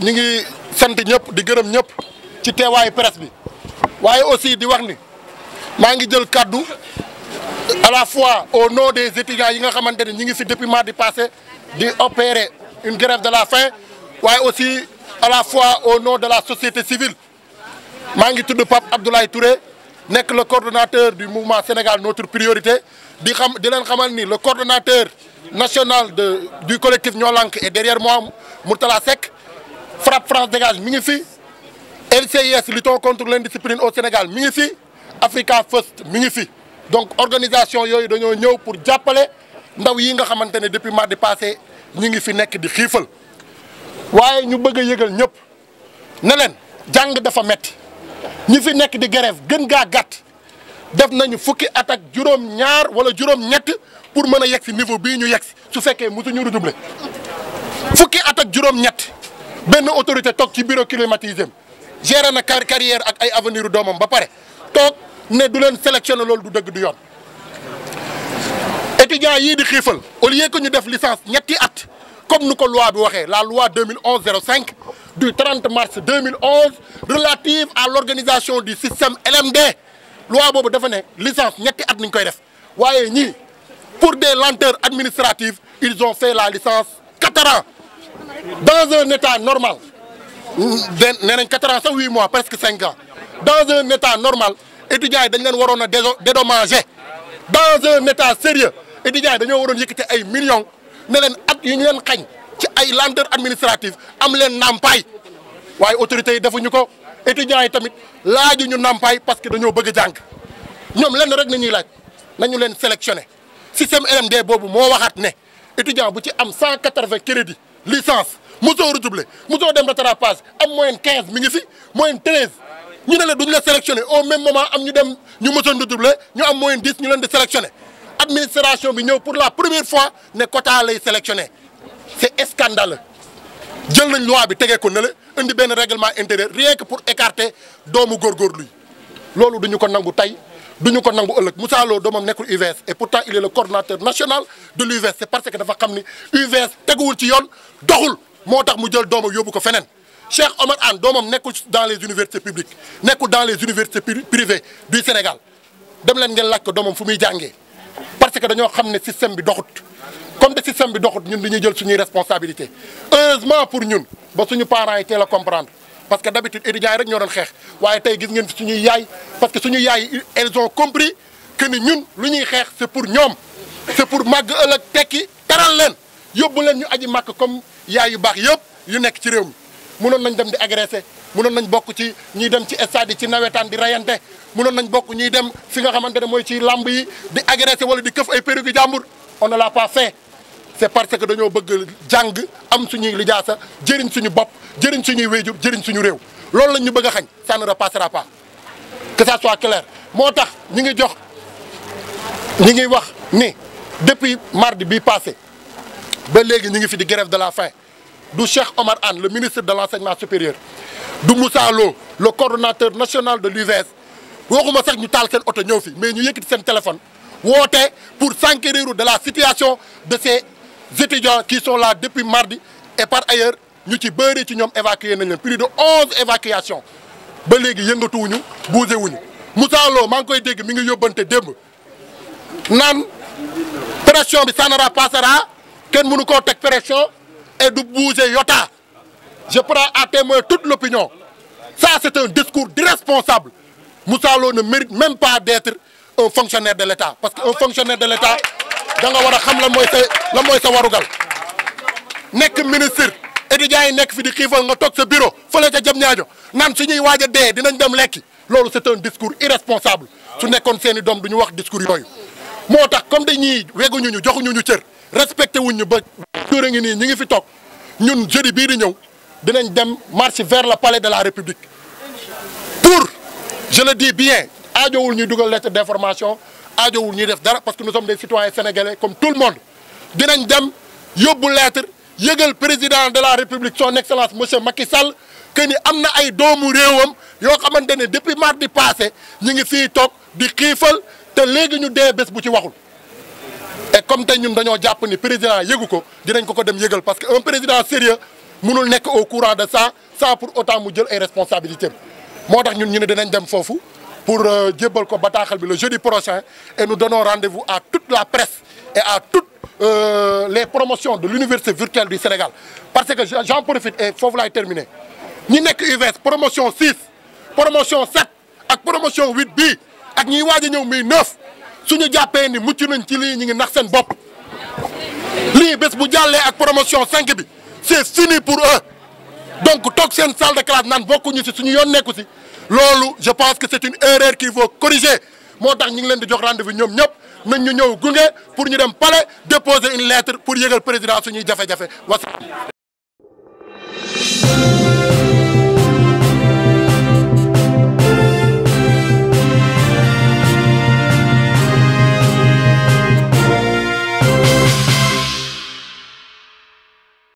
ñu ngi sant ñëpp di gërëm ñëpp ci teewaayu presse bi waaye aussi di wax ni maa ngi jël kaddu à la fois au nom des étudiants yi nga xamante ni ñu ngi fi depuis mardi passé di opérer une grève de la faim waaye aussi à la fois au nom de la société civile maa ngi tudd Pape Abdoulaye Touré nekk le coordonnateur du mouvement Sénégal notre priorité di xam di leen xamal ni le coordonnateur national de du collectif Ñoo Lank est derrière moi Mourtala Seck FRAPP France dégage mi ngi fi LCIS luttons contre l'indiscipline au Sénégal mi ngi fi Africa First mi ngi fi donc organisation yooyu dañoo ñëw pour jàppale ndaw yi nga xamante ne depuis mardi passé ñu ngi fi nekk di xiifal waaye ñu bëgg a yëgal ñëpp ne jàng dafa metti ñi fi nekk di grève gën gaa gàtt def nañu fukki at ak juróom-ñaar wala juróom-ñett pour mën a yegg si niveau bii ñu yegg si su fekkee mosuñu redoubler fukki at ak juróom-ñett. benn autorité toog ci bureau climatisé géré na carrière ak ay avenir doomam ba pare toog ne du leen sélectionné loolu du dëgg du yoon. étudiants yii di xiifal au lieu que ñu def licence ñetti at comme nu ko loi bi waxee la loi 2011 05 du 30 mars 2011 relative à l'organisation du système LMD loi boobu dafa ne licence ñetti at nañ koy def waaye ñii pour des lenteurs administratives ils ont fait la licence quatre ans. dans un état normal nee nañ quatre ans sax huit mois presque cinq ans dans un état normal étudiants yi dañ leen waroon a dédommager dans un état sérieux étudiants dañoo waroon yëkkati ay millions ne leen at yu ñu leen xañ ci ay lenteur administrative am leen nàmpaay waaye autorité yi defuñu ko étudiants yi tamit laajuñu nàmpaay parce que dañoo bëgg a jàng ñoom lenn rek nañuy laaj nañu leen sélectionné système LMD boobu moo waxaat ne étudiant bu ci am cent quatre-vingts crédits licence mosoo redoublé mosoo dem rattrapage am moyenne 15 mi ngi fi moyenne 13 ñu ne la duñ la sélectionné au même moment am ñu dem ñu mosoon redoublé ñu am moyenne 10 ñu leen di sélectionné administration bi ñëw pour la première fois ne quota lay sélectionné c'est scandaleux jël nañ loi bi tegee ko ne indi benn réglement intérieur rien que pour écarter doomu góorgóorlu yi loolu duñu ko nangu tey duñu ko nangu ëllëg Moussa Lo doomam nekkul UVS et pourtant il est le coordonnateur national de l'UVS c'est parce que dafa xam ni UVS teguwul ci yoon doxul moo tax mu jël doomam yóbbu ko feneen Cheikh Omar Anne doomam nekkul dans les universités publiques nekkul dans les universités privées du Sénégal dem leen ngeen laaj ko doomam fu muy jàngee parce que dañoo xam ne système bi doxut comme de système bi doxut ñun ñuy jël suñuy responsabilité heureusement pour ñun ba suñu parents yi teel a parce que d'habitude étudiants rek ñoo doon xeex waaye tey gis ngeen fi suñuy yaay parce que suñuy yaay elles ont compris que ni ñun lu ñuy xeex c'est pour ñoom c'est pour màgg ëllëg tekki taral leen yóbbu leen ñu aji màkk comme yaay yu baax yëpp yu nekk ci réew mi mënoon nañ dem di agressé mënoon nañ bokk ci ñuy dem ci stade ci nawetaan di rayante mënoon nañ bokk ñuy dem fi nga xamante ne mooy ci làmb yi di agressé wala di këf ay perruque jàmbur on ne l'a pas fait c'est parce que dañoo bëgg jàng am suñuy lijaasa jëriñ suñu bopp jëriñ suñuy wéyjur jëriñ suñu réew loolu lañ ñu bëgg a xañ ça ne repassera pas que ça soit clair moo tax ñi ngi jox ñi ngi wax ni depuis mardi bi passé ba léegi ñi ngi fi di grève de la fin du Cheikh Omar Anne le ministre de l'enseignement supérieur du Moussa Lo le coordonnateur national de l'UVS waxuma sax ñu taal seen oto ñëw fi mais ñu yëkkati seen téléphone woote pour s'enquérir de la situation de ces étudiants qui sont la depuis mardi et par ailleurs ñu ci bëri ci ñoom évacué nañ leen de onze évacuation ba léegi yëngatuwuñu bougé wuñu Moussa Lo maa ngi koy dégg mi ngi yóbbante démb naan pression bi sanara passera kenn mënu koo teg pression et du bouger yota je prends à témoin toute l'opinion ça c'est un discours d'irresponsable Moussa Lo ne mérite même pas d'être un fonctionnaire de l'État parce que un ah fonctionnaire de l'État ah da nga war a xam lan mooy sa mooy sa warugal nekk ministre étudiants yi nekk fi di xiifal nga toog sa bureau fële ca jëm ñaajo naan su ñuy waaj dee dinañ dem lekki loolu c'est un discours irresponsable su nekkoon seeni doom du ñu wax discours yooyu moo tax comme dañuy weguñu ñu joxuñu ñu cër respecté wuñ ñu ba jur ngi nii ñu ngi fi toog ñun jeudi bii di ñëw dinañ dem marché vers le palais de la république pour je le dis bien aajowul ñuy dugal lettre d'information aajowul ñuy def dara parce que nous sommes des citoyens sénégalais comme tout le monde dinañ dem yóbbu lettre yëgal président de la république son excellence monsieur Macky Sall que ni am na ay doomu réewam yoo xamante ne depuis mardi passé ñu ngi fii toog di xiifal te léegi ñu dee bés bu ci waxul. et comme te ñun dañoo jàpp ni président yëgu ko dinañ ko ko dem yégal parce que un président sérieux mënul nekk au courant de ça sans pour autant mu jël ay responsabilités moo tax ñun ñu ne dinañ dem foofu. pour euh, jébbal ko bataaxal bi le jeudi prochain et nous donnons rendez à toute la presse et à toutes euh, les promotions de l'université virtuelle du Sénégal parce que j'en profite et foofu laay terminer ñi nekk UVS promotion 6 promotion 7 ak promotion 8 bii ak ñiy waaj a ñëw muy 9 suñu jàppee ni mucc nañ ci lii ñu ngi nax seen bopp lii bés bu jàllee ak promotion cinq bi c'est fini pour eux donc toog seen salle de classe naan bokkuñu si suñu yoon nekku si loolu je pense que c'est une erreur qu'il faut corriger moo tax ñu ngi leen di jox rendez-vous ñoom ñëpp nañ ñu ñëw gunge pour ñu dem palais déposer une lettre pour yëgal président suñuy jafe-jafe wasalaam